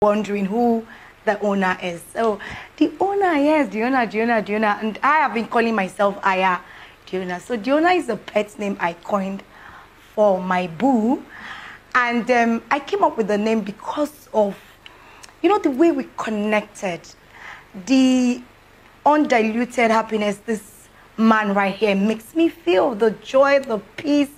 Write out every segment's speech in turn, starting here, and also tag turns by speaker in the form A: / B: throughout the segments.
A: wondering who the owner is. So the owner, yes, Diona, Diona, Diona. And I have been calling myself Aya Diona. So Diona is a pet name I coined for my boo. And um, I came up with the name because of, you know, the way we connected. The undiluted happiness this man right here makes me feel the joy, the peace.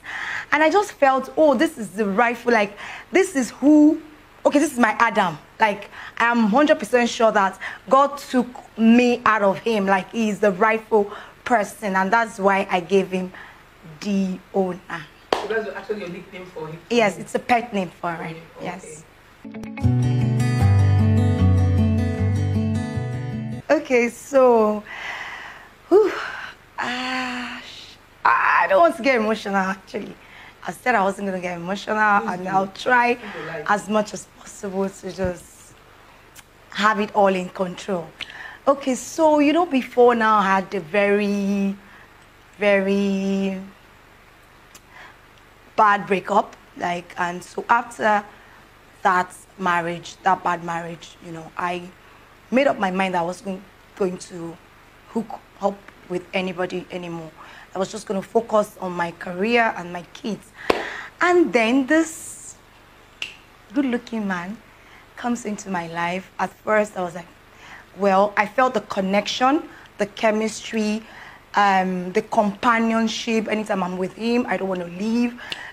A: And I just felt, oh, this is the right. like, this is who, okay, this is my Adam. Like, I'm 100% sure that God took me out of him. Like, he is the rightful person. And that's why I gave him the owner. So that's actually a nickname for him? Yes, it's a pet name for him. Okay. Yes. Okay, so... Whew, uh, I don't want to get emotional, actually. I said I wasn't going to get emotional, mm -hmm. and I'll try as much as possible to just have it all in control. Okay, so you know, before now I had a very, very bad breakup, like, and so after that marriage, that bad marriage, you know, I made up my mind I was not going to hook up with anybody anymore. I was just going to focus on my career and my kids. And then this good looking man comes into my life. At first, I was like, well, I felt the connection, the chemistry, um, the companionship. Anytime I'm with him, I don't want to leave,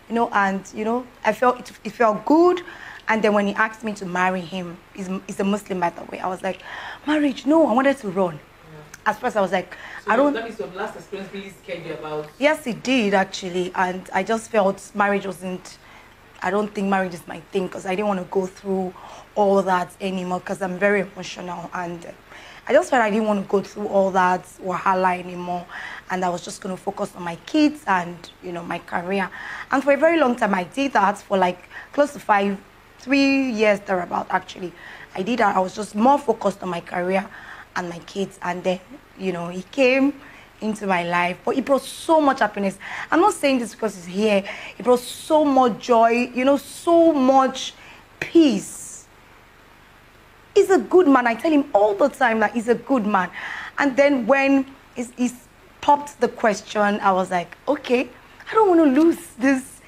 A: you know. And you know, I felt it, it felt good. And then when he asked me to marry him, he's, he's a Muslim by the way. I was like, marriage? No, I wanted to run at first I was like, so I don't. That means your last experience really scared you about. Yes, it did actually, and I just felt marriage wasn't. I don't think marriage is my thing because I didn't want to go through all that anymore because I'm very emotional and I just felt I didn't want to go through all that wahala anymore and I was just going to focus on my kids and you know my career and for a very long time I did that for like close to five three years thereabout actually I did that I was just more focused on my career and my kids and then you know he came into my life but he brought so much happiness i'm not saying this because he's here he brought so much joy you know so much peace he's a good man i tell him all the time that he's a good man and then when he popped the question i was like okay i don't want to lose this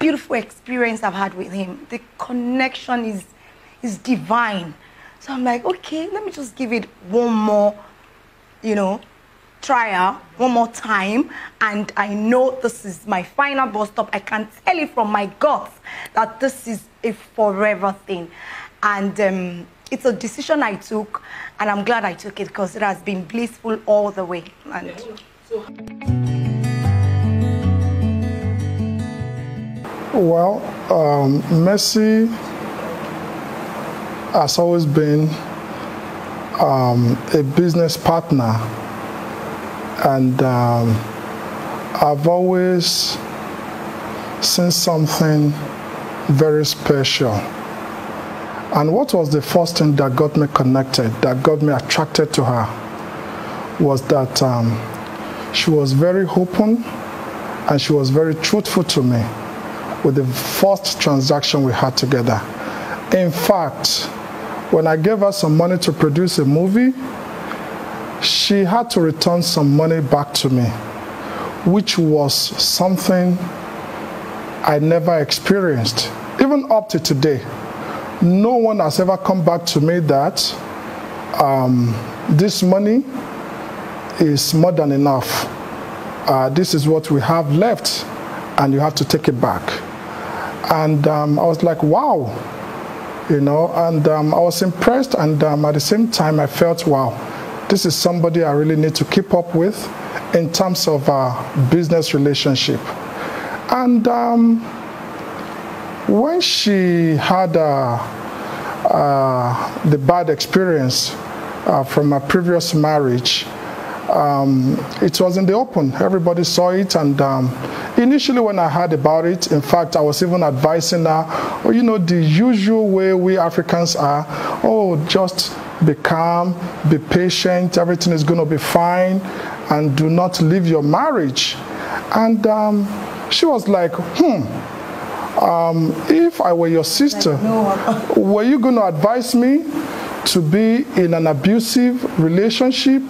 A: beautiful experience i've had with him the connection is is divine so I'm like, okay, let me just give it one more, you know, trial, one more time. And I know this is my final bus stop. I can tell it from my gut that this is a forever thing. And um, it's a decision I took, and I'm glad I took it because it has been blissful all the way. And
B: well, um, Messi has always been um, a business partner, and um, I've always seen something very special. And what was the first thing that got me connected, that got me attracted to her, was that um, she was very open and she was very truthful to me with the first transaction we had together. In fact, when I gave her some money to produce a movie, she had to return some money back to me, which was something I never experienced. Even up to today, no one has ever come back to me that um, this money is more than enough. Uh, this is what we have left, and you have to take it back. And um, I was like, wow, you know, and um, I was impressed. And um, at the same time, I felt, wow, this is somebody I really need to keep up with in terms of uh, business relationship. And um, when she had uh, uh, the bad experience uh, from a previous marriage, um, it was in the open. Everybody saw it, and um, Initially, when I heard about it, in fact, I was even advising her, oh, you know, the usual way we Africans are, oh, just be calm, be patient, everything is going to be fine, and do not leave your marriage. And um, she was like, hmm. Um, if I were your sister, were you going to advise me to be in an abusive relationship?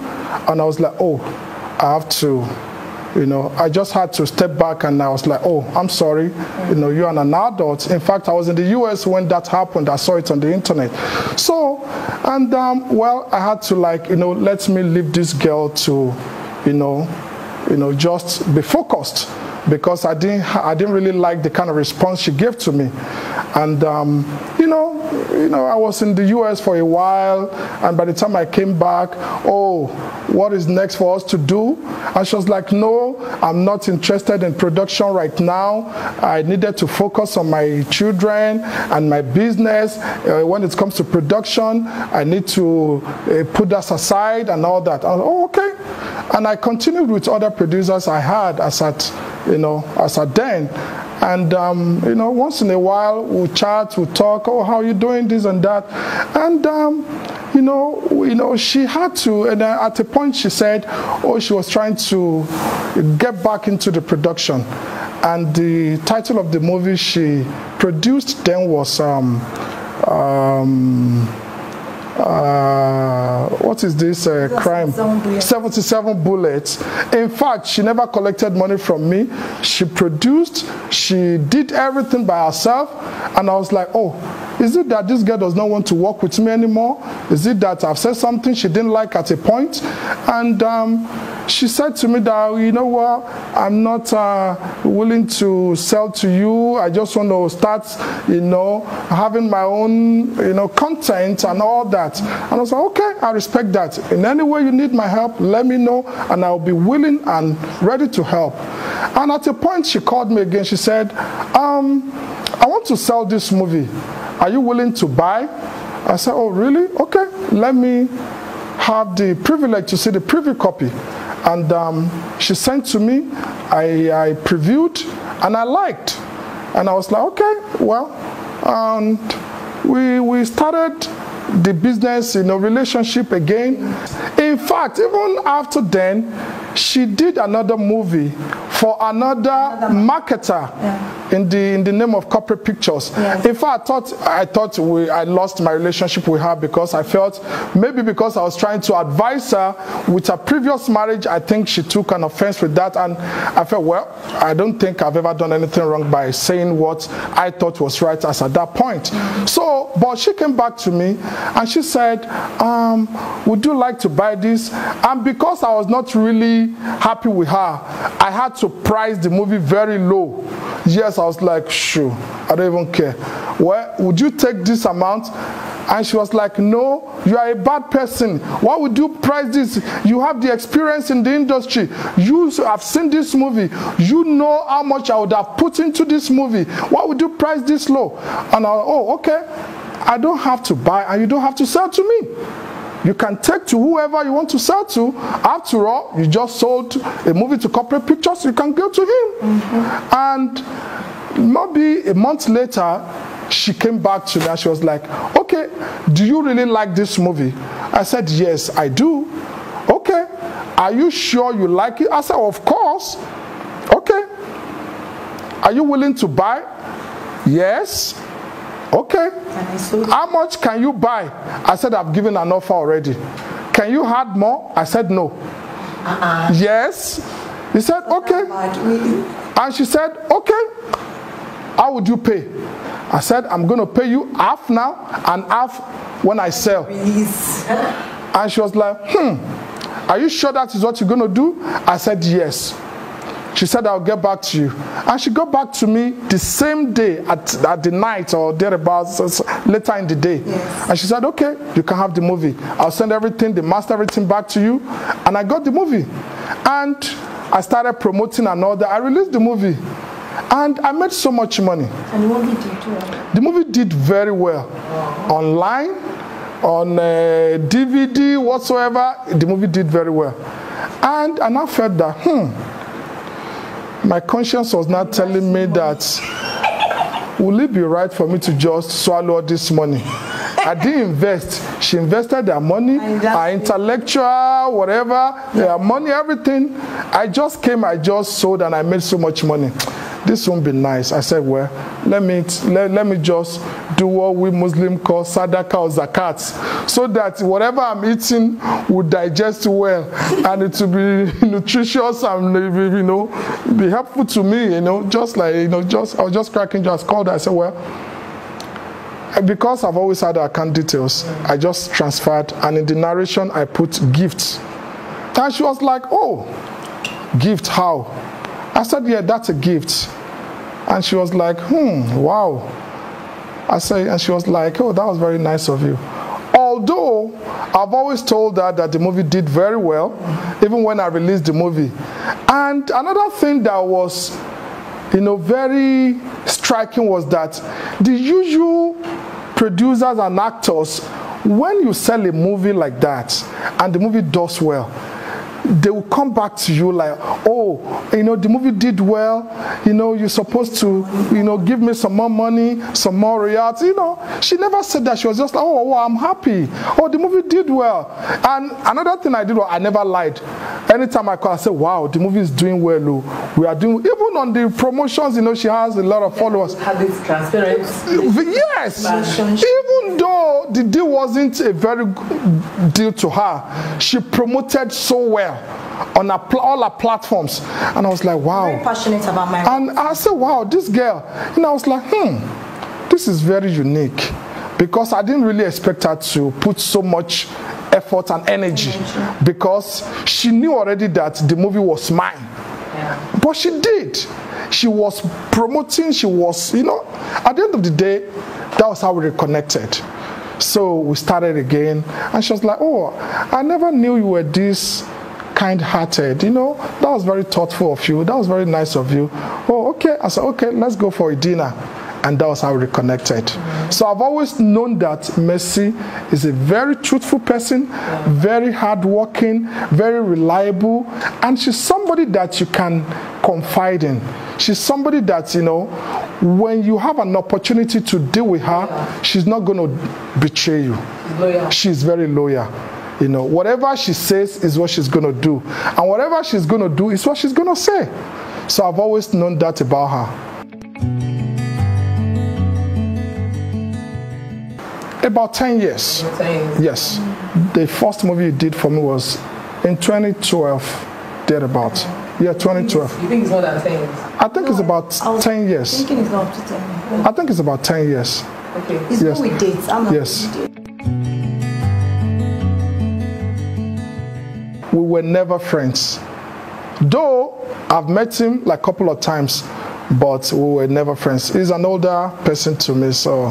B: And I was like, oh, I have to you know, I just had to step back and I was like, oh, I'm sorry. You know, you're an adult. In fact, I was in the US when that happened. I saw it on the internet. So, and um, well, I had to like, you know, let me leave this girl to, you know, you know, just be focused because I didn't, I didn't really like the kind of response she gave to me. And, um, you know, you know, I was in the US for a while, and by the time I came back, oh, what is next for us to do? And she was like, no, I'm not interested in production right now. I needed to focus on my children and my business. Uh, when it comes to production, I need to uh, put that aside and all that. And, oh, okay. And I continued with other producers I had as at you know, as at then. And, um, you know, once in a while we'll chat, we'll talk, oh, how you doing, this and that. And, um, you know, you know, she had to, and at a point she said, oh, she was trying to get back into the production. And the title of the movie she produced then was um, um uh, what is this uh, crime? 77 bullets. In fact, she never collected money from me. She produced, she did everything by herself. And I was like, oh, is it that this girl does not want to work with me anymore? Is it that I've said something she didn't like at a point? And um, she said to me that, you know what, I'm not uh, willing to sell to you. I just want to start, you know, having my own, you know, content and all that. And I was like, okay, I respect that. In any way you need my help, let me know, and I'll be willing and ready to help. And at a point, she called me again. She said, um, I want to sell this movie. Are you willing to buy? I said, oh, really? Okay, let me have the privilege to see the preview copy. And um, she sent to me, I, I previewed, and I liked. And I was like, okay, well, and we, we started the business, you know, relationship again. In fact, even after then, she did another movie for another, another marketer yeah. in the in the name of corporate pictures. Yes. In fact, I thought I thought we I lost my relationship with her because I felt maybe because I was trying to advise her with her previous marriage, I think she took an offense with that, and I felt, well, I don't think I've ever done anything wrong by saying what I thought was right as at that point. So, but she came back to me and she said, um, Would you like to buy this? And because I was not really happy with her, I had to price the movie very low. Yes, I was like, Sure, I don't even care. Well, would you take this amount? And she was like, No, you are a bad person. Why would you price this? You have the experience in the industry. You have seen this movie. You know how much I would have put into this movie. Why would you price this low? And I, oh, okay. I don't have to buy and you don't have to sell to me. You can take to whoever you want to sell to. After all, you just sold a movie to corporate pictures, you can go to him. Mm -hmm. And maybe a month later, she came back to me and she was like, okay, do you really like this movie? I said, yes, I do. Okay, are you sure you like it? I said, of course. Okay, are you willing to buy? Yes. Okay. How much can you buy? I said, I've given an offer already. Can you add more? I said, no. Uh -uh. Yes. He said, okay. And she said, okay. How would you pay? I said, I'm going to pay you half now and half when I sell. Please. And she was like, hmm, are you sure that is what you're going to do? I said, yes. She said, I'll get back to you. And she got back to me the same day at, at the night or thereabouts, uh, later in the day. Yes. And she said, okay, you can have the movie. I'll send everything, the master everything back to you. And I got the movie. And I started promoting another. I released the movie. And I made so much money.
A: And the movie did well.
B: The movie did very well. Wow. Online, on uh, DVD, whatsoever, the movie did very well. And, I now felt that, hmm, my conscience was not telling me that, will it be right for me to just swallow this money? I didn't invest. She invested her money, her intellectual, whatever, yeah. her money, everything. I just came, I just sold, and I made so much money. this won't be nice. I said, well, let me, let, let me just do what we Muslim call sadaka or zakat, so that whatever I'm eating will digest well and it will be nutritious and you know be helpful to me. You know, just like you know, just I was just cracking just called. I said, well. Because I've always had account details, I just transferred, and in the narration I put gifts." And she was like, "Oh, gift? How?" I said, "Yeah, that's a gift." And she was like, hmm, wow. I say, and she was like, oh, that was very nice of you. Although I've always told her that the movie did very well, even when I released the movie. And another thing that was, you know, very striking was that the usual producers and actors, when you sell a movie like that and the movie does well, they will come back to you like, oh, you know, the movie did well. You know, you're supposed to, you know, give me some more money, some more reality. You know, she never said that. She was just like, oh, well, oh, I'm happy. Oh, the movie did well. And another thing I did was I never lied. Anytime I call, I say, wow, the movie is doing well. Lou. Oh. We are doing, even on the promotions, you know, she has a lot of followers. Habits, Yes. Even though the deal wasn't a very good deal to her, she promoted so well on pl- all our platforms. And I was like, wow. Very passionate about my. And I said, wow, this girl. And I was like, hmm, this is very unique because I didn't really expect her to put so much effort and energy, energy. because she knew already that the movie was mine. Yeah. But she did. She was promoting, she was, you know, at the end of the day, that was how we reconnected. So we started again, and she was like, Oh, I never knew you were this kind hearted. You know, that was very thoughtful of you. That was very nice of you. Oh, okay. I said, okay, let's go for a dinner. And that was how we reconnected. Mm -hmm. So I've always known that Mercy is a very truthful person, yeah. very hardworking, very reliable, and she's somebody that you can confide in. She's somebody that, you know, when you have an opportunity to deal with her, yeah. she's not going to betray you. she's very loyal. You know, whatever she says is what she's going to do. And whatever she's going to do is what she's going to say. So I've always known that about her. About 10 years. 10 years. Yes. The first movie you did for me was in 2012, About. Yeah, 2012. You think it's more than 10 years? I think no, it's about 10 years. Thinking it's not up to 10. I think it's about 10 years. Okay. It's yes. with dates. I'm yes. With dates. we were never friends. Though I've met him like a couple of times, but we were never friends. He's an older person to me, so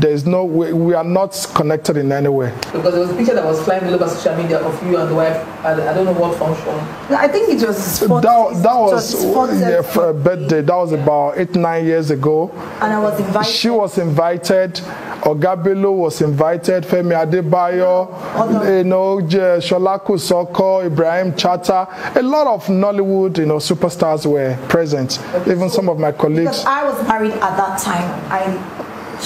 B: there's no way, we are not connected in any way.
A: Because there was a picture that was flying all over social media of you and the wife. I, I don't know what function.
B: I think it was sports, that, that was yeah, for a birthday. That was yeah. about eight nine years ago. And I was invited. She was invited. Ogabilo was invited. Femi Adebayo, you know, Sholaku Soko, Ibrahim Chata. A lot of Nollywood, you know, superstars were present. Even some of my colleagues. Because I was married at that time. I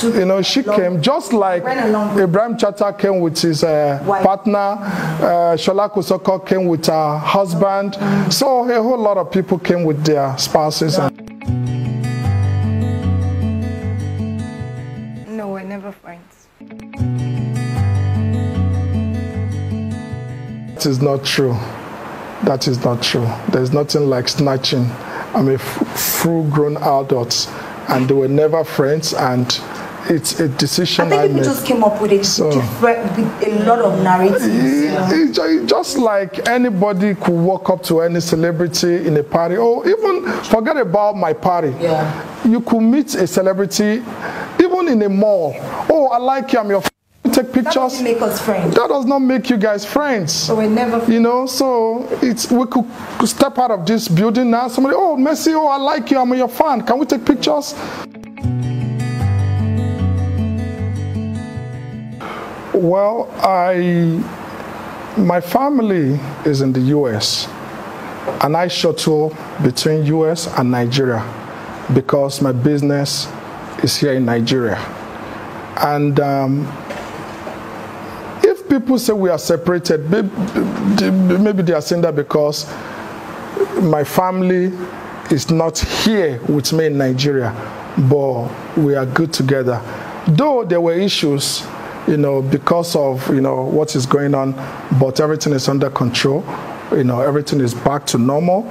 B: you know, she came just like Ibrahim Chata came with his uh, partner, uh, Shola Kusoko came with her husband. Mm So a whole lot of people came with their spouses. No,
A: we're never friends.
B: That is not true. That is not true. There's nothing like snatching. I'm a full grown adult and they were never friends and it's a decision. I think people just
A: came up with it so, with
B: a lot of narratives. It, it, just like anybody could walk up to any celebrity in a party, or even forget about my party. Yeah. You could meet a celebrity, even in a mall. Oh, I like you. I'm your take pictures. That doesn't make us friends. That does not make you guys friends. So we never. You know, so it's we could step out of this building now. Somebody, oh Messi, oh I like you, I'm your fan. Can we take pictures? Well, I, my family is in the U.S. and I shuttle between U.S. and Nigeria because my business is here in Nigeria. And um, if people say we are separated, maybe they are saying that because my family is not here with me in Nigeria, but we are good together. Though there were issues you know, because of, you know, what is going on, but everything is under control. You know, everything is back to normal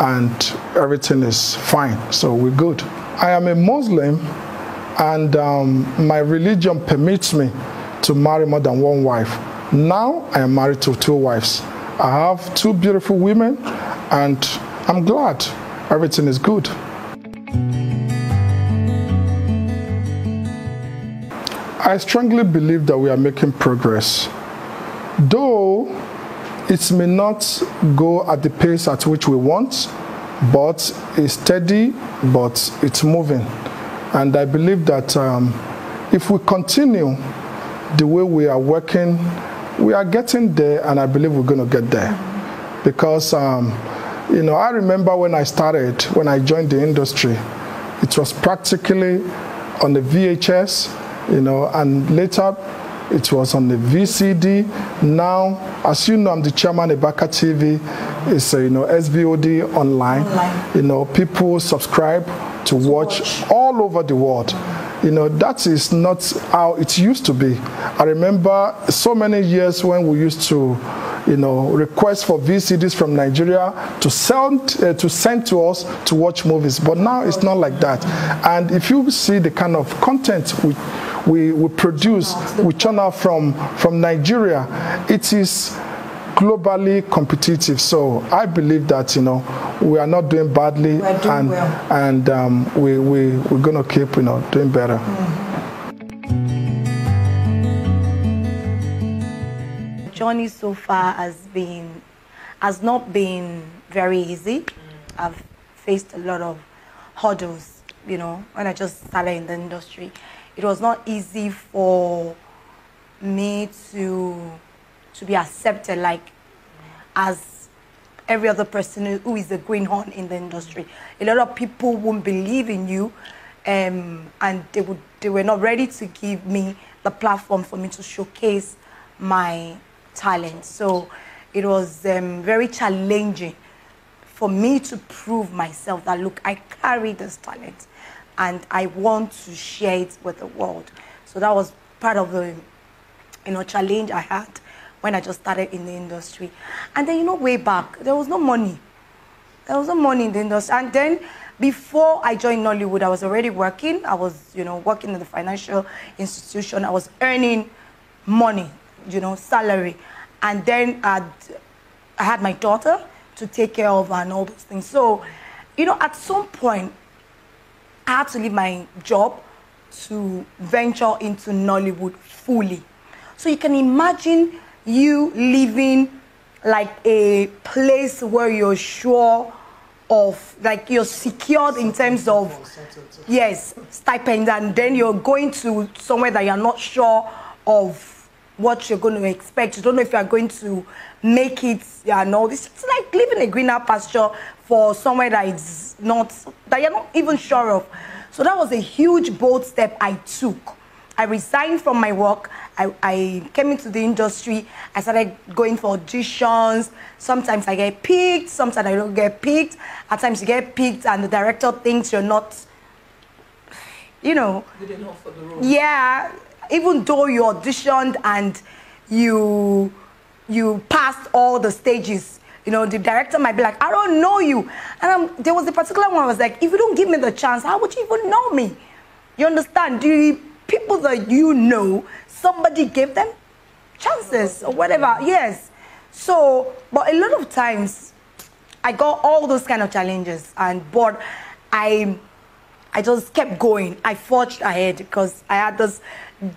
B: and everything is fine. So we're good. I am a Muslim and um, my religion permits me to marry more than one wife. Now I am married to two wives. I have two beautiful women and I'm glad everything is good. I strongly believe that we are making progress. Though it may not go at the pace at which we want, but it's steady, but it's moving. And I believe that um, if we continue the way we are working, we are getting there, and I believe we're going to get there. Because, um, you know, I remember when I started, when I joined the industry, it was practically on the VHS, you know, and later it was on the VCD. Now, as you know, I'm the chairman of Baka TV. It's, a uh, you know, SVOD online. online. You know, people subscribe to watch, watch, all over the world. You know, that is not how it used to be. I remember so many years when we used to you know, requests for VCDs from Nigeria to send, uh, to send to us to watch movies. But now it's not like that. And if you see the kind of content we, we, we produce, we churn out from, from Nigeria, it is globally competitive. So I believe that you know we are not doing badly, doing and well. and um, we we we're gonna keep you know doing better. Mm.
A: journey so far has been has not been very easy. Mm. I've faced a lot of hurdles, you know, when I just started in the industry. It was not easy for me to to be accepted like as every other person who is a greenhorn in the industry. A lot of people won't believe in you um, and they would they were not ready to give me the platform for me to showcase my talent. So it was um, very challenging for me to prove myself that look, I carry this talent and I want to share it with the world. So that was part of the you know challenge I had when I just started in the industry. And then you know way back there was no money. There was no money in the industry. And then before I joined Nollywood, I was already working. I was, you know, working in the financial institution. I was earning money you know, salary. And then I'd, I had my daughter to take care of and all those things. So, you know, at some point, I had to leave my job to venture into Nollywood fully. So you can imagine you living like a place where you're sure of, like you're secured in terms of, yes, stipend, and then you're going to somewhere that you're not sure of what you're going to expect. You don't know if you are going to make it yeah, know. It's like living a greener pasture for somewhere that is not that you're not even sure of. So that was a huge bold step I took. I resigned from my work. I, I came into the industry. I started going for auditions. Sometimes I get picked. Sometimes I don't get picked. At times you get picked, and the director thinks you're not, you know, the role. Yeah even though you auditioned and you you passed all the stages, you know, the director might be like, I don't know you. And I'm, there was a particular one I was like, if you don't give me the chance, how would you even know me? You understand? The people that you know, somebody gave them chances or whatever. Yes. So, but a lot of times, I got all those kind of challenges, and but I, I just kept going. I forged ahead because I had this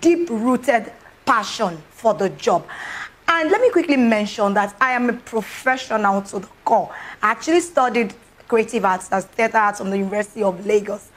A: deep rooted passion for the job. And let me quickly mention that I am a professional to the core. I actually studied creative arts as theater arts from the University of Lagos.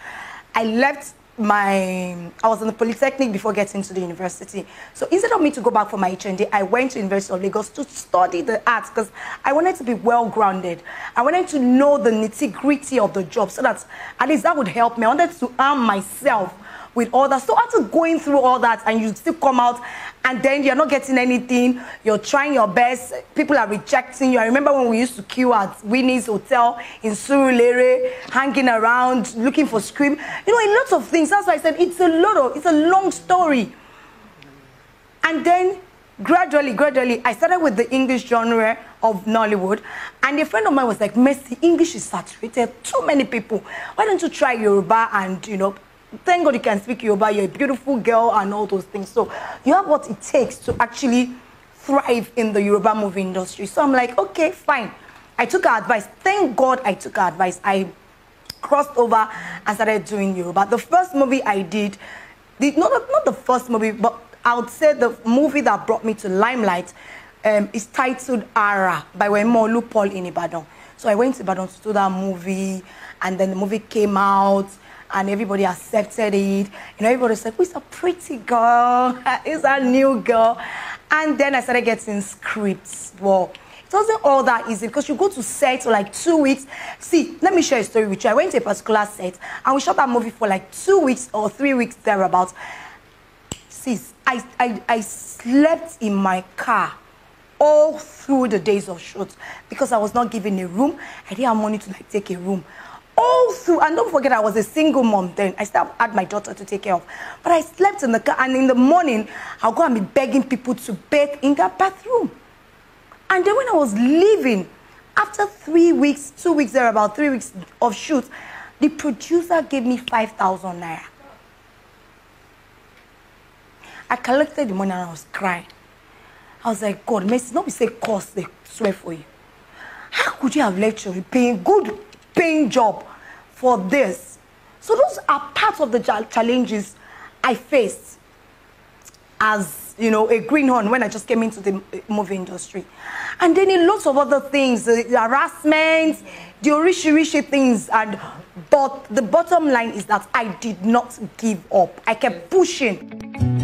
A: I left my, I was in the Polytechnic before getting to the university. So instead of me to go back for my HND, I went to University of Lagos to study the arts because I wanted to be well-grounded. I wanted to know the nitty-gritty of the job so that at least that would help me. I wanted to arm myself with others. So after going through all that and you still come out and then you're not getting anything, you're trying your best, people are rejecting you. I remember when we used to queue at Winnie's Hotel in Surulere, hanging around, looking for scream. You know, a lot of things. That's why I said it's a lot of, it's a long story. And then gradually, gradually, I started with the English genre of Nollywood. And a friend of mine was like, Messi, English is saturated. Too many people. Why don't you try Yoruba and, you know, thank God you can speak Yoruba. You're a beautiful girl and all those things. So you have what it takes to actually thrive in the Yoruba movie industry. So I'm like, okay, fine. I took her advice. Thank God I took her advice. I crossed over and started doing Yoruba. The first movie I did, the, not, not the first movie, but I would say the movie that brought me to limelight um, is titled Ara by Wemolu Paul in Ibadan. So I went to Ibadan to do that movie, and then the movie came out and everybody accepted it. You know, everybody said, "Who's a pretty girl? Is a new girl?" And then I started getting scripts. Well, it wasn't all that easy because you go to set for like two weeks. See, let me share a story with you. I went to a particular set and we shot that movie for like two weeks or three weeks thereabouts. See, I, I, I slept in my car all through the days of shoot because I was not given a room. I didn't have money to like take a room all through, and don't forget I was a single mom then. I still had my daughter to take care of. But I slept in the car, and in the morning, I'll go and be begging people to bathe in their bathroom. And then when I was leaving, after three weeks, two weeks there, about three weeks of shoots, the producer gave me 5,000 naira. I collected the money and I was crying. I was like, God, mercy, not be say cost, they swear for you. How could you have left your paying good paying job for this. So those are part of the challenges I faced as, you know, a greenhorn when I just came into the movie industry. And then in lots of other things, the harassment, the orishirishi things, and but the bottom line is that I did not give up. I kept pushing.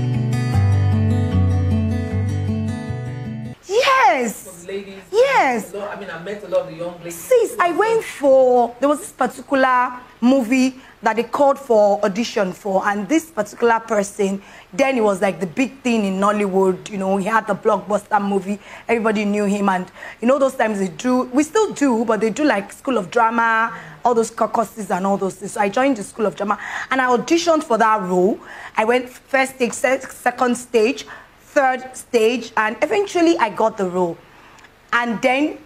A: Yes. ladies. Yes. Lot, I mean, I met a lot of the young ladies. Sis, I went for, there was this particular movie that they called for audition for, and this particular person, then he was like the big thing in Nollywood, you know, he had the blockbuster movie, everybody knew him, and you know, those times they do, we still do, but they do like School of Drama, all those caucuses and all those things. So I joined the School of Drama, and I auditioned for that role. I went first stage, second stage, third stage, and eventually I got the role. And then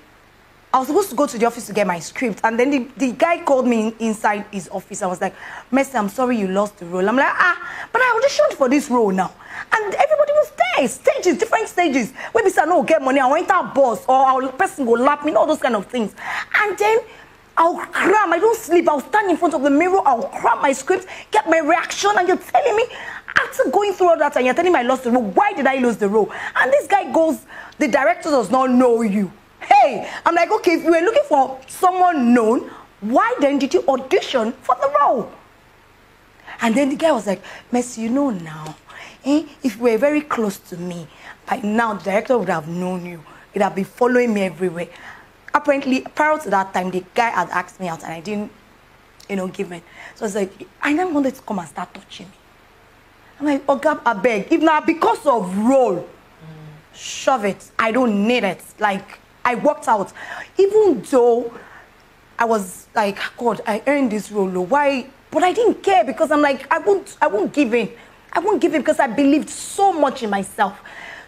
A: I was supposed to go to the office to get my script, and then the, the guy called me inside his office. I was like, Messi, I'm sorry you lost the role. I'm like, ah, but I auditioned for this role now. And everybody was there, stages, different stages. Maybe say, no, get money, I want that boss, or our person will lap me, all those kind of things. And then I'll cram, I don't sleep, I'll stand in front of the mirror, I'll cram my script, get my reaction, and you're telling me after going through all that and you're telling me I lost the role, why did I lose the role? And this guy goes, the director does not know you. Hey, I'm like, okay, if you were looking for someone known, why then did you audition for the role? And then the guy was like, Messi, you know now, eh, if you were very close to me, by now the director would have known you. He'd have been following me everywhere. Apparently, prior to that time, the guy had asked me out and I didn't, you know, give in. So I was like, I never wanted to come and start touching me. I'm like, God, I beg. If not because of role, mm. shove it. I don't need it. Like, I walked out. Even though I was like, God, I earned this role. Oh, why? But I didn't care because I'm like, I won't, I won't give in. I won't give in because I believed so much in myself.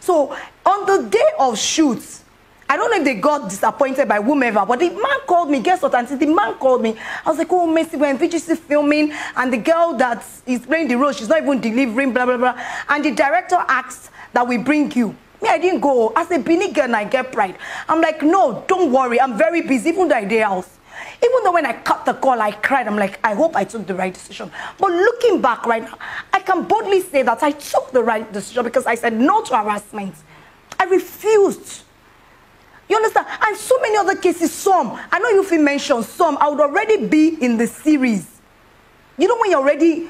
A: So on the day of shoots, I don't know if they got disappointed by whomever, but the man called me. Guess what, And The man called me. I was like, oh, Messi, we're in VGC filming, and the girl that is playing the role, she's not even delivering, blah, blah, blah. And the director asked that we bring you. Me, I didn't go. As a Benin girl, I get pride. I'm like, no, don't worry. I'm very busy, even though I did house. Even though when I cut the call, I cried. I'm like, I hope I took the right decision. But looking back right now, I can boldly say that I took the right decision because I said no to harassment. I refused You understand? And so many other cases, some, I know you've mentioned some, I would already be in the series. You know when you're already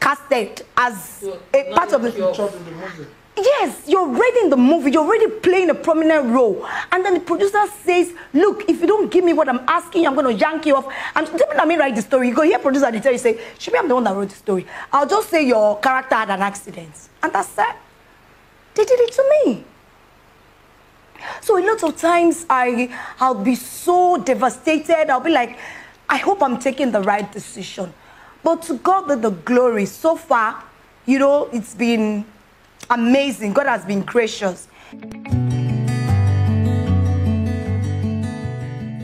A: casted as you're a part of the... the yes, you're already in the movie, you're already playing a prominent role. And then the producer says, look, if you don't give me what I'm asking you, I'm going to yank you off. And then I mean, write the story. You go here, producer, they tell you, say, should be I'm the one that wrote the story. I'll just say your character had an accident. And that's it. They did it to me. So a lot of times I, I'll be so devastated. I'll be like, I hope I'm taking the right decision. But to God the, the glory. So far, you know, it's been amazing. God has been gracious.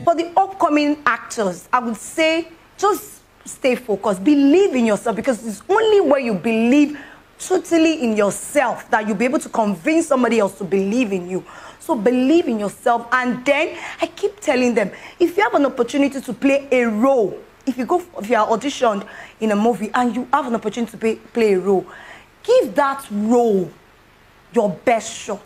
A: For the upcoming actors, I would say just stay focused. Believe in yourself because it's only when you believe totally in yourself that you'll be able to convince somebody else to believe in you. So believe in yourself. And then I keep telling them, if you have an opportunity to play a role, if you go, if you are auditioned in a movie and you have an opportunity to play, play a role, give that role your best shot.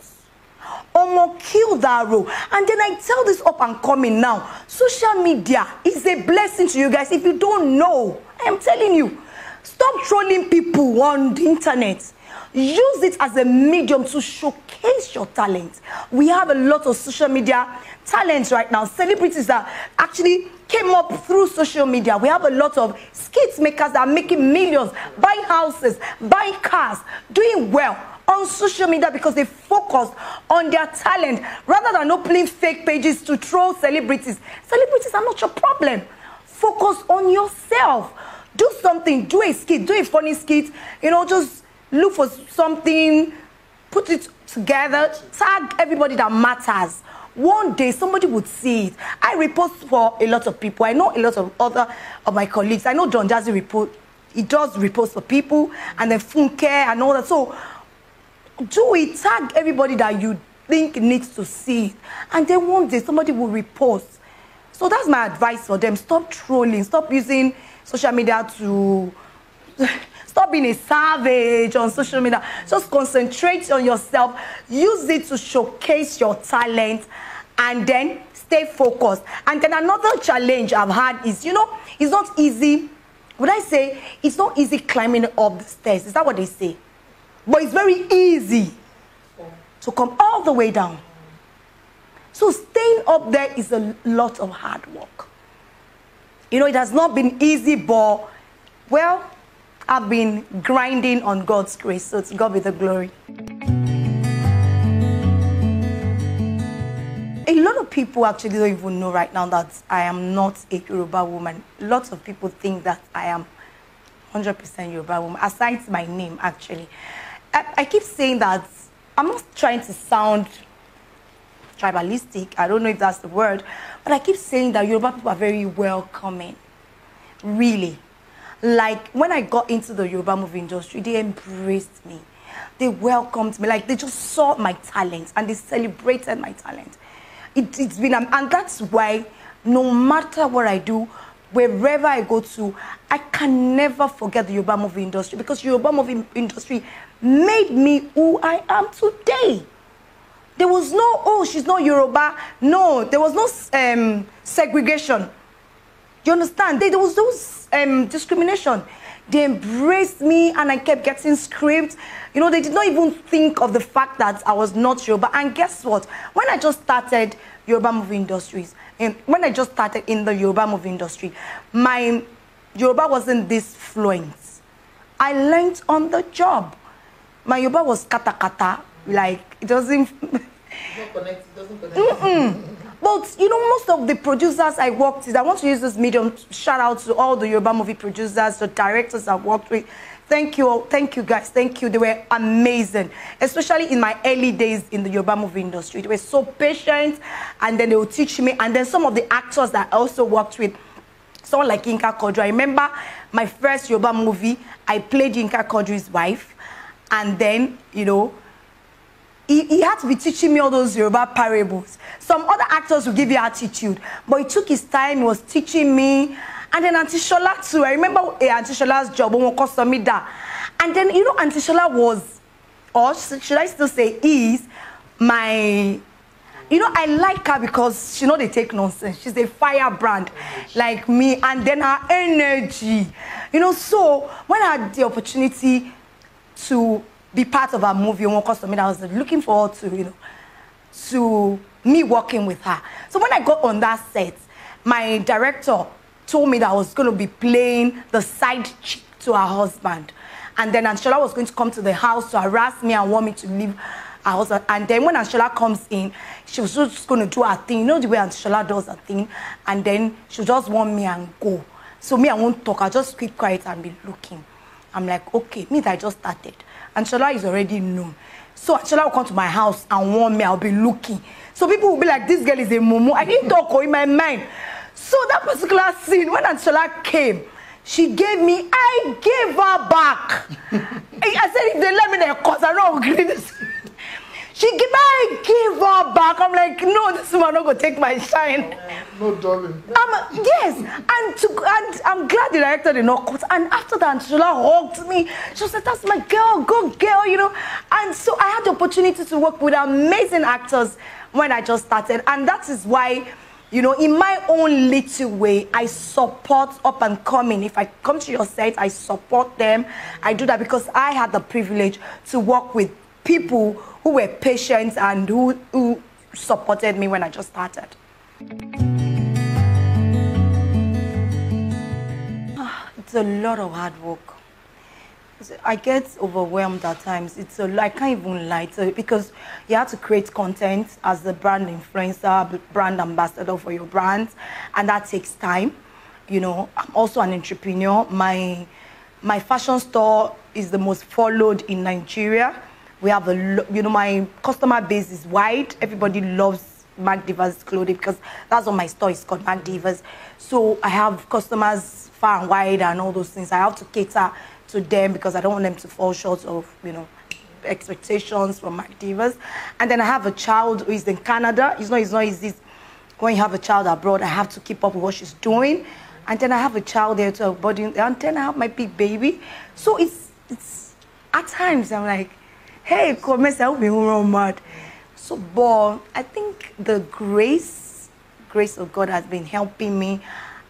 A: Omo, kill that role. And then I tell this up and coming now, social media is a blessing to you guys. If you don't know, I am telling you, stop trolling people on the internet. Use it as a medium to showcase your talent. We have a lot of social media talents right now. Celebrities that actually came up through social media. We have a lot of skits makers that are making millions, buying houses, buying cars, doing well on social media because they focus on their talent rather than opening fake pages to troll celebrities. Celebrities are not your problem. Focus on yourself. Do something. Do a skit. Do a funny skit. You know, just look for something put it together tag everybody that matters one day somebody would see it i repost for a lot of people i know a lot of other of my colleagues i know John Jazzy repost he does repost for people and then Funke and all that so do it tag everybody that you think needs to see it and then one day somebody will repost so that's my advice for them stop trolling stop using social media to Stop being a savage on social media. Just concentrate on yourself. Use it to showcase your talent and then stay focused. And then another challenge I've had is, you know, it's not easy. Would I say it's not easy climbing up the stairs? Is that what they say? But it's very easy to come all the way down. So staying up there is a lot of hard work. You know, it has not been easy, but well, I've been grinding on God's grace. So to God be the glory. A lot of people actually don't even know right now that I am not a Yoruba woman. Lots of people think that I am 100% Yoruba woman, aside my name, actually. I, I keep saying that I'm not trying to sound tribalistic. I don't know if that's the word, but I keep saying that Yoruba people are very welcoming. Really, like when I got into the Yoruba movie industry, they embraced me. They welcomed me. Like they just saw my talent and they celebrated my talent. It, has been, um, and that's why no matter what I do, wherever I go to, I can never forget the Yoruba movie industry because Yoruba movie industry made me who I am today. There was no, oh, she's not Yoruba. No, there was no um, segregation. Do you understand? They, there was those um, discrimination. They embraced me and I kept getting screamed. You know, they did not even think of the fact that I was not Yoruba. And guess what? When I just started Yoruba movie industries, and when I just started in the Yoruba movie industry, my Yoruba wasn't this fluent. I learned on the job. My Yoruba was kata kata, like it doesn't. It doesn't connect. It doesn't connect. Mm -mm. But, you know, most of the producers I worked with, I want to use this medium to shout out to all the Yoruba movie producers, the directors I worked with. Thank you all. Thank you, guys. Thank you. They were amazing, especially in my early days in the Yoruba movie industry. They were so patient, and then they would teach me. And then some of the actors that I also worked with, someone like Inka Kodri. I remember my first Yoruba movie, I played Inka Kodri's wife. And then, you know, he, he had to be teaching me all those Yoruba parables. Some other actors will give you attitude, but he took his time, he was teaching me. And then Auntie Shola too. I remember uh, eh, Auntie Shola's job when we cost me that. And then you know Auntie Shola was, or should I still say is, my you know i like her because she know they take nonsense she's a firebrand like me and then her energy you know so when i had the opportunity to be part of a movie one customer that I was looking forward to, you know, to me working with her. So when I got on that set, my director told me that I was going to be playing the side chick to her husband. And then Anshola was going to come to the house to harass me and want me to leave her husband. And then when Anshola comes in, she was just going to do her thing. You know the way Anshola does her thing? And then she just want me and go. So me, I won't talk. i just keep quiet and be looking. I'm like, okay, me, I just started. Anshola is already known. So Anshola will come to my house and warn me. I'll be looking. So people will be like, this girl is a mumu. I didn't talk oh, in my mind. So that particular scene, when Anshola came, she gave me, I gave back, I'm like, no, this man not gonna take my shine. No, darling. Um, yes, and to, and I'm glad the director did not cut. And after that, Angela hugged me. She said, that's my girl, good girl, you know. And so I had the opportunity to work with amazing actors when I just started. And that is why you know, in my own little way, I support up and coming. If I come to your set, I support them. I do that because I had the privilege to work with people who were patient and who, who supported me when I just started. Ah, it's a lot of hard work. I get overwhelmed at times. It's a, I can't even lie to it because you have to create content as the brand influencer, brand ambassador for your brand, and that takes time. You know, I'm also an entrepreneur. My my fashion store is the most followed in Nigeria. We have a, you know, my customer base is wide. Everybody loves Mac Divas clothing because that's what my store is called, Mac Divas. So I have customers far and wide and all those things. I have to cater to them because I don't want them to fall short of, you know, expectations from Mac Divas. And then I have a child who is in Canada. It's not, it's not easy when you have a child abroad. I have to keep up with what she's doing and then I have a child there to body. and then I have my big baby. So it's it's at times I'm like, hey, come help me run mad. So, but I think the grace, grace of God has been helping me.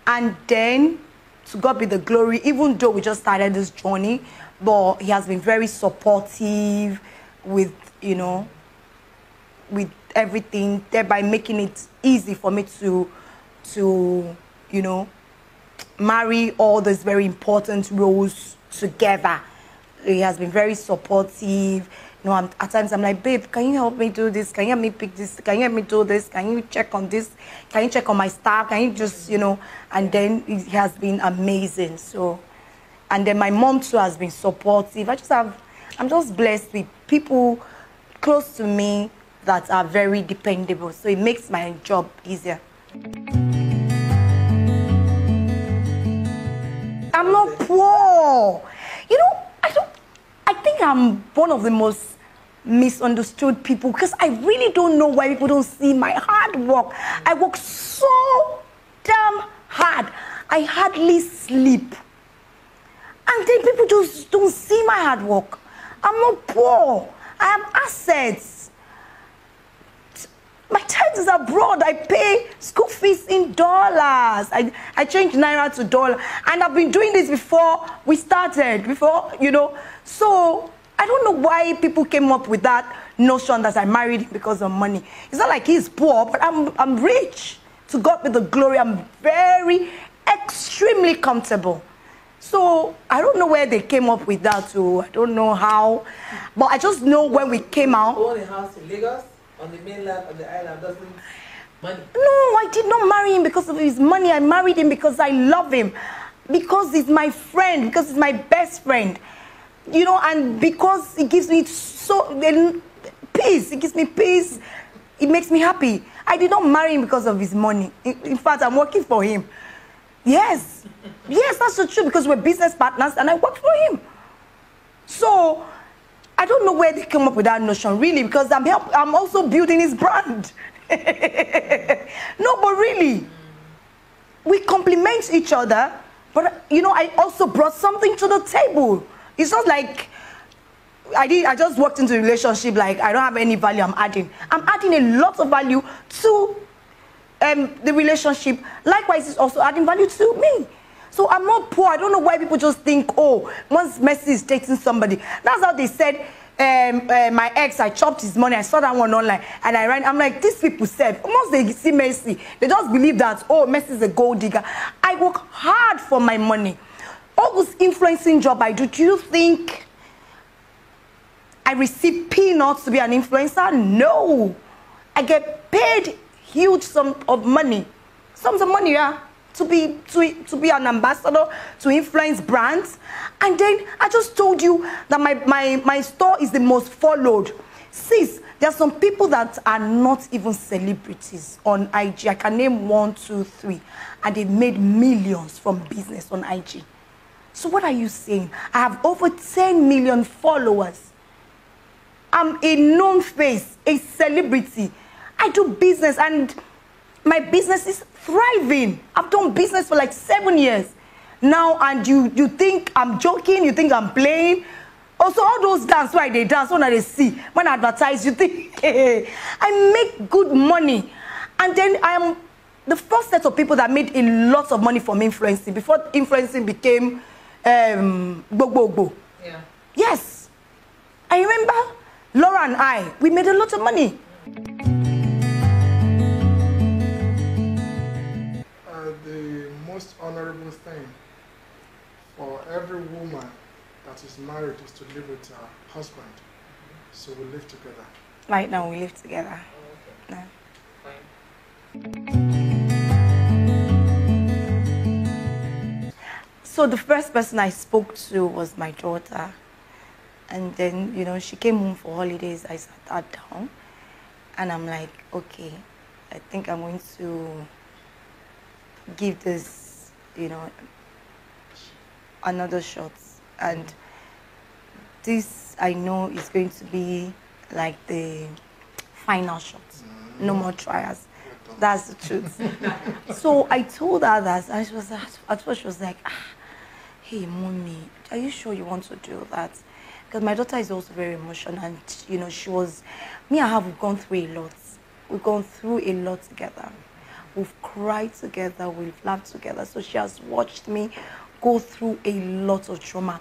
A: And then, to God be the glory, even though we just started this journey, but He has been very supportive with, you know, with everything, thereby making it easy for me to, to, you know, marry all these very important roles together he has been very supportive. You know, I'm, at times I'm like, babe, can you help me do this? Can you help me pick this? Can you help me do this? Can you check on this? Can you check on my staff? Can you just, you know? And then he has been amazing. So, and then my mom too has been supportive. I just have, I'm just blessed with people close to me that are very dependable. So it makes my job easier. I'm not poor. You know, think I'm one of the most misunderstood people because I really don't know why people don't see my hard work. I work so damn hard. I hardly sleep. And then people just don't see my hard work. I'm not poor. I have assets. My child is abroad. I pay school fees in dollars. I, I change naira to dollar. And I've been doing this before we started, before, you know. So I don't know why people came up with that notion that I married him because of money. It's not like he's poor, but I'm, I'm rich. To God be the glory. I'm very, extremely comfortable. So I don't know where they came up with that. So I don't know how. But I just know when we came out.
B: house in Lagos?
A: on the mainland, on the island, doesn't money. No, I did not marry him because of his money. I married him because I love him, because he's my friend, because he's my best friend. You know, and because it gives me so peace. It gives me peace. It makes me happy. I did not marry him because of his money. In, in fact, I'm working for him. Yes, yes, that's so true because we're business partners and I work for him. So I don't know where they came up with that notion, really, because I'm, help, I'm also building his brand. no, but really, we complement each other, but, you know, I also brought something to the table. It's not like I, did, I just walked into a relationship like I don't have any value I'm adding. I'm adding a lot of value to um, the relationship. Likewise, it's also adding value to me. So I'm not poor. I don't know why people just think, oh, once Messi is dating somebody. That's how they said um, uh, my ex, I chopped his money. I saw that one online and I ran. I'm like, these people said, once they see Messi, they just believe that, oh, Messi is a gold digger. I work hard for my money. All this influencing job I do, do you think I receive peanuts to be an influencer? No. I get paid huge sum of money. Sums of money, yeah to be to, to be an ambassador to influence brands and then i just told you that my my my store is the most followed sis there are some people that are not even celebrities on ig i can name one two three and they made millions from business on ig so what are you saying i have over 10 million followers i'm a known face a celebrity i do business and my businesses thriving. I've done business for like seven years now, and you you think I'm joking, you think I'm playing. Also, all those dance why they dance, when they see, when I advertise, you think I make good money, and then I am the first set of people that made a lot of money from influencing before influencing became um go. Yeah. Yes, I remember Laura and I. We made a lot of money. Mm -hmm.
B: most honorable thing for every woman that is married is to live with her husband. So we live together.
A: Right now, we live together. Oh, okay. yeah. So the first person I spoke to was my daughter. And then, you know, she came home for holidays. I sat her down and I'm like, okay, I think I'm going to give this you know, another shot. And this I know is going to be like the final shot. No mm. more trials. That's the truth. so I told her that. I was at first she was like, ah, "Hey, mommy, are you sure you want to do that?" Because my daughter is also very emotional, and you know, she was. Me, I have gone through a lot. We've gone through a lot together. We've cried together, we've laughed together. So she has watched me go through a lot of trauma.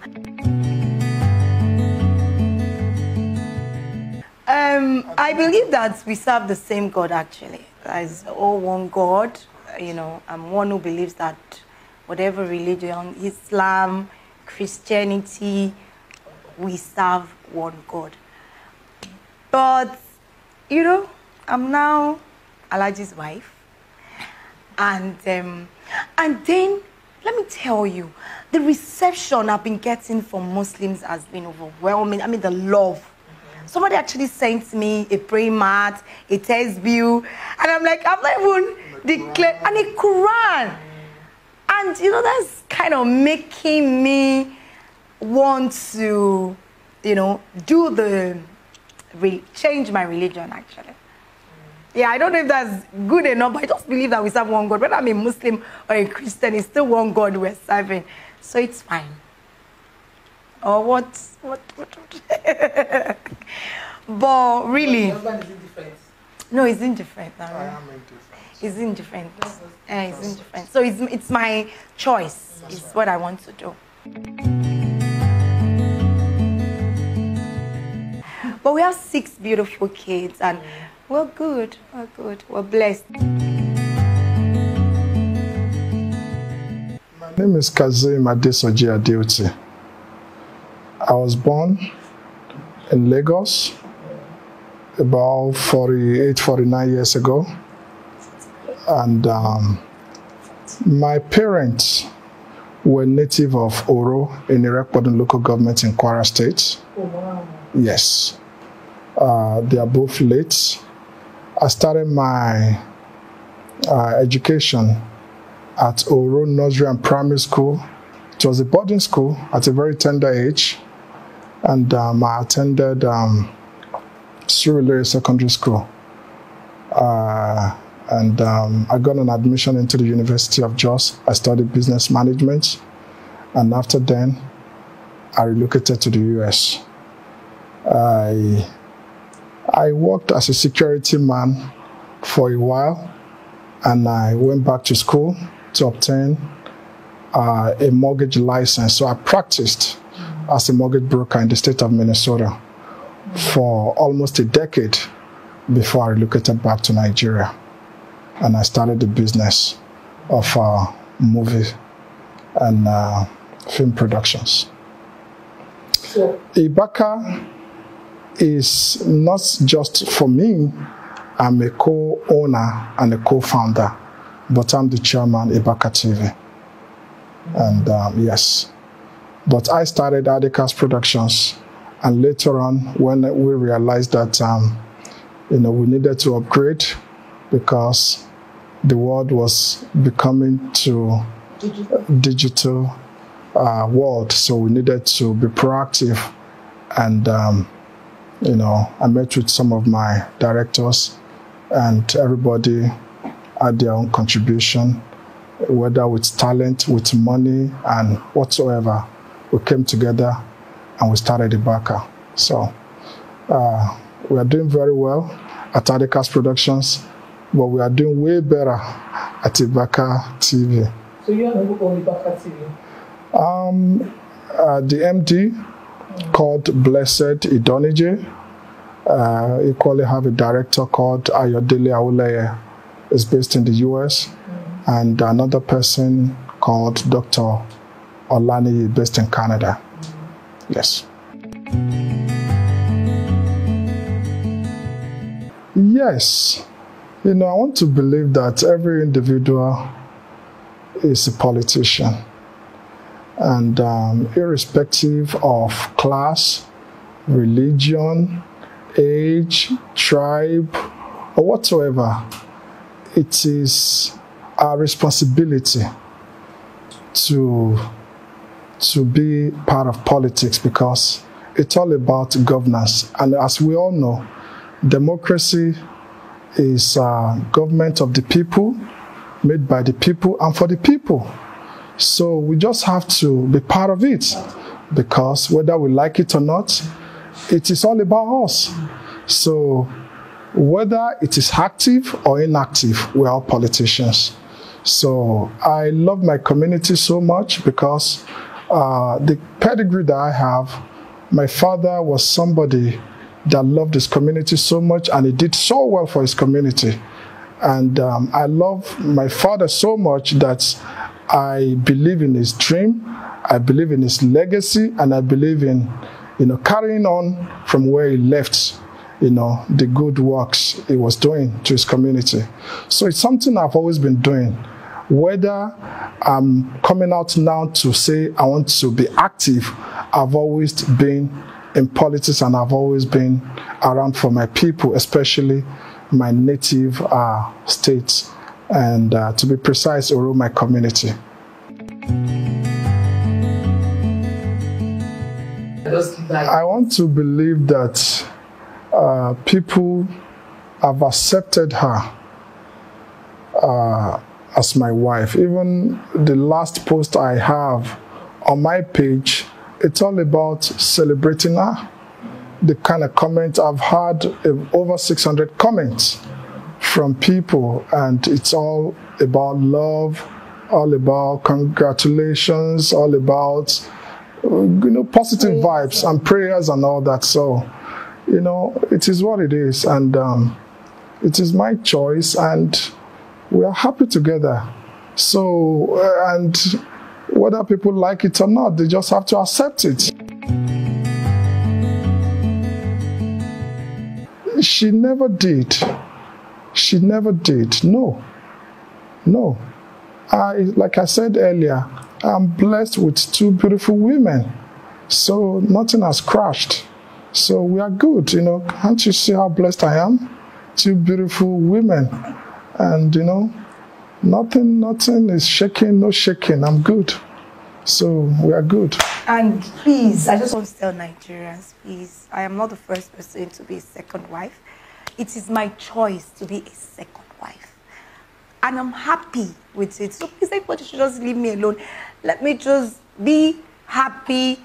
A: Um, I believe that we serve the same God actually. As all one God, you know, I'm one who believes that whatever religion, Islam, Christianity, we serve one God. But, you know, I'm now Alaji's wife. And, um, and then, let me tell you, the reception I've been getting from Muslims has been overwhelming. I mean, the love. Mm-hmm. Somebody actually sent me a prayer mat, a test view, and I'm like, I've not even declared, and a Quran. And, you know, that's kind of making me want to, you know, do the, re- change my religion actually. Yeah, I don't know if that's good enough, but I just believe that we serve one God. Whether I'm a Muslim or a Christian, it's still one God we're serving. So it's fine. Or what? What? what, what? but really. No, it's indifferent. I am indifferent. It's indifferent. it's indifferent. So it's, it's my choice. That's it's right. what I want to do. But we have six beautiful kids and. Mm. We're good. We're good. We're blessed. My
B: name is Kazeem Adesoji Adeoti. I was born in Lagos about 48, 49 years ago. And um, my parents were native of Oro in Irekpodun local government in Kwara State. Oh, wow. Yes. Uh, they are both late. I started my uh, education at Oro Nursery and Primary School. It was a boarding school at a very tender age, and um, I attended um, Surulere Secondary School. Uh, and um, I got an admission into the University of Jos. I studied business management, and after then, I relocated to the US. I I worked as a security man for a while and I went back to school to obtain uh, a mortgage license. So I practiced as a mortgage broker in the state of Minnesota for almost a decade before I relocated back to Nigeria. And I started the business of uh, movie and uh, film productions. Sure. Ibaka is not just for me. I'm a co-owner and a co-founder, but I'm the chairman Ibaka TV. And um, yes, but I started Adikas Productions, and later on, when we realized that um, you know we needed to upgrade because the world was becoming to digital, digital uh, world, so we needed to be proactive and um, you know, I met with some of my directors and everybody had their own contribution, whether with talent, with money, and whatsoever. We came together and we started Ibaka. So uh, we are doing very well at Adikas Productions, but we are doing way better at Ibaka TV. So you are the book on Ibaka TV? Um, uh, the MD called Blessed Idonije. Uh, equally have a director called Ayodele Auleye, is based in the US, mm. and another person called Dr. Olani, based in Canada. Mm. Yes. Yes, you know, I want to believe that every individual is a politician and um, irrespective of class, religion, age, tribe, or whatsoever, it is our responsibility to, to be part of politics because it's all about governance. And as we all know, democracy is a uh, government of the people, made by the people, and for the people. So we just have to be part of it because whether we like it or not, it is all about us. So whether it is active or inactive, we are politicians. So I love my community so much because uh, the pedigree that I have, my father was somebody that loved his community so much and he did so well for his community. And um, I love my father so much that I believe in his dream, I believe in his legacy, and I believe in, you know, carrying on from where he left, you know, the good works he was doing to his community. So it's something I've always been doing. Whether I'm coming out now to say I want to be active, I've always been in politics and I've always been around for my people, especially my native uh, states and uh, to be precise, Oroma community. I want to believe that uh, people have accepted her uh, as my wife. Even the last post I have on my page, it's all about celebrating her. The kind of comments I've had over 600 comments from people, and it's all about love, all about congratulations, all about you know positive vibes and prayers and all that. So, you know, it is what it is, and um, it is my choice, and we are happy together. So, uh, and whether people like it or not, they just have to accept it. She never did. She never did. No. No. I, like I said earlier, I'm blessed with two beautiful women. So nothing has crashed. So we are good, you know. Can't you see how blessed I am? Two beautiful women. And, you know, nothing, nothing is shaking, no shaking. I'm good. So we are good.
A: And please, I just want to tell Nigerians, please, I am not the first person to be a second wife it is my choice to be a second wife. And I'm happy with it. So please, everybody should just leave me alone. Let me just be happy.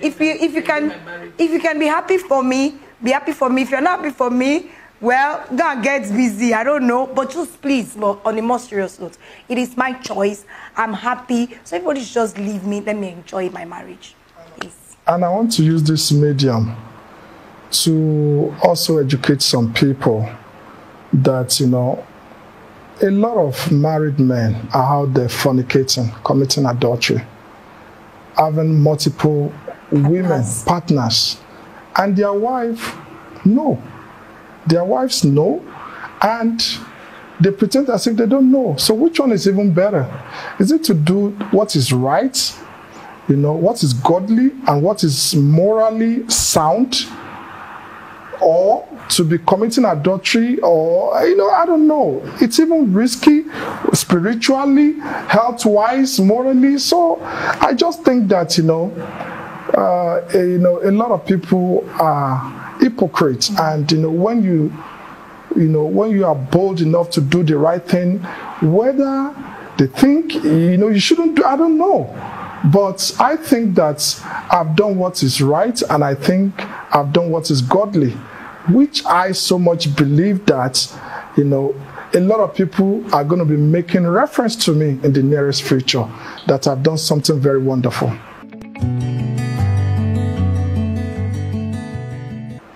A: If you, if you can, if you can be happy for me, be happy for me. If you're not happy for me, well, God gets busy. I don't know. But just please, but on a more serious note, it is my choice. I'm happy. So everybody should just leave me. Let me enjoy my marriage.
B: Please. And I want to use this medium to also educate some people that, you know, a lot of married men are out there fornicating, committing adultery, having multiple women, partners. And their wife, no. Their wives know, and they pretend as if they don't know. So which one is even better? Is it to do what is right, you know, what is godly and what is morally sound? or to be committing adultery or, you know, I don't know. It's even risky spiritually, health wise, morally. So I just think that, you know, uh, you know, a lot of people are hypocrites. And, you know, when you, you know, when you are bold enough to do the right thing, whether they think, you know, you shouldn't do, I don't know. But I think that I've done what is right and I think I've done what is godly which I so much believe that, you know, a lot of people are going to be making reference to me in the nearest future that I've done something very wonderful.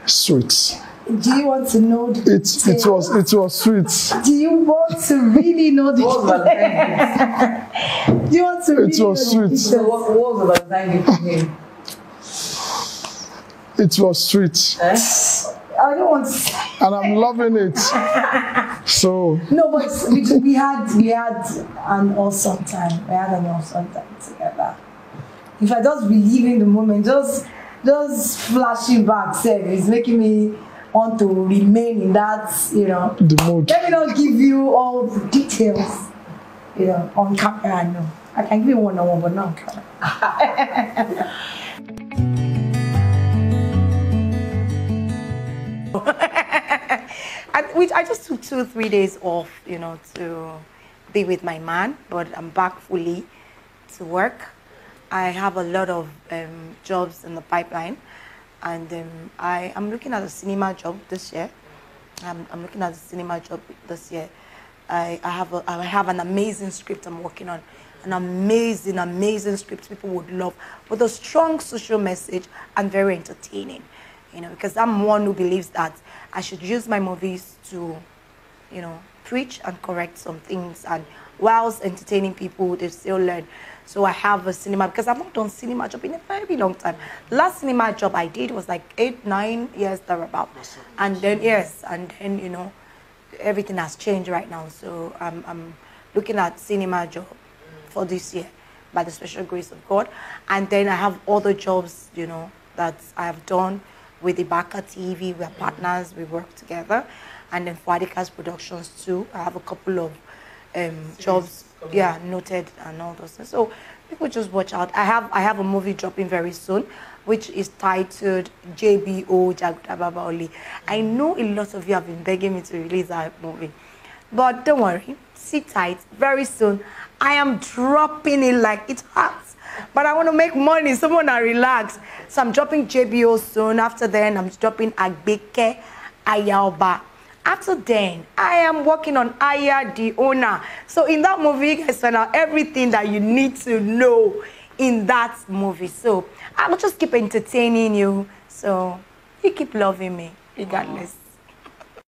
B: Sweet. Do you want to know the it, it was it was sweet. Do you want to really know the details? Do you want to really it was know sweet. So what, what was the Valentine gift It was sweet. Eh? I don't want to say. And I'm loving it. so.
A: No, but we, we had we had an awesome time. We had an awesome time together. If I just believe in the moment, just just flashing back, self is making me want to remain in that, you know. The mood. Let me not give you all the details, you know, on camera. No, I can give you one on one, but not on camera. I, I just took two, three days off, you know, to be with my man, but I'm back fully to work. I have a lot of um, jobs in the pipeline, and um, I am looking at a cinema job this year. I'm, I'm looking at a cinema job this year. I, I, have a, I have an amazing script I'm working on, an amazing, amazing script people would love, with a strong social message and very entertaining you know, because I'm one who believes that I should use my movies to, you know, preach and correct some things and whilst entertaining people, they still learn. So I have a cinema because I've not done cinema job in a very long time. Last cinema job I did was like eight, nine years thereabout. about, And then yes, and then you know, everything has changed right now. So I'm, I'm looking at cinema job for this year by the special grace of God. And then I have other jobs, you know, that I have done with Ibaka TV. We are partners. We work together, and then Fadikas Productions too. I have a couple of um, jobs, yeah, noted and all those things. So people just watch out. I have I have a movie dropping very soon, which is titled JBO Jaguda Baba Oli. I know a lot of you have been begging me to release that movie, but don't worry, sit tight. Very soon, I am dropping it like it's hot but I want to make money. Someone I relax. So I'm dropping JBO soon. After then, I'm dropping Agbeke Ayaoba. After then, I am working on Aya the owner. So in that movie, you guys find out everything that you need to know in that movie. So I will just keep entertaining you. So you keep loving me regardless.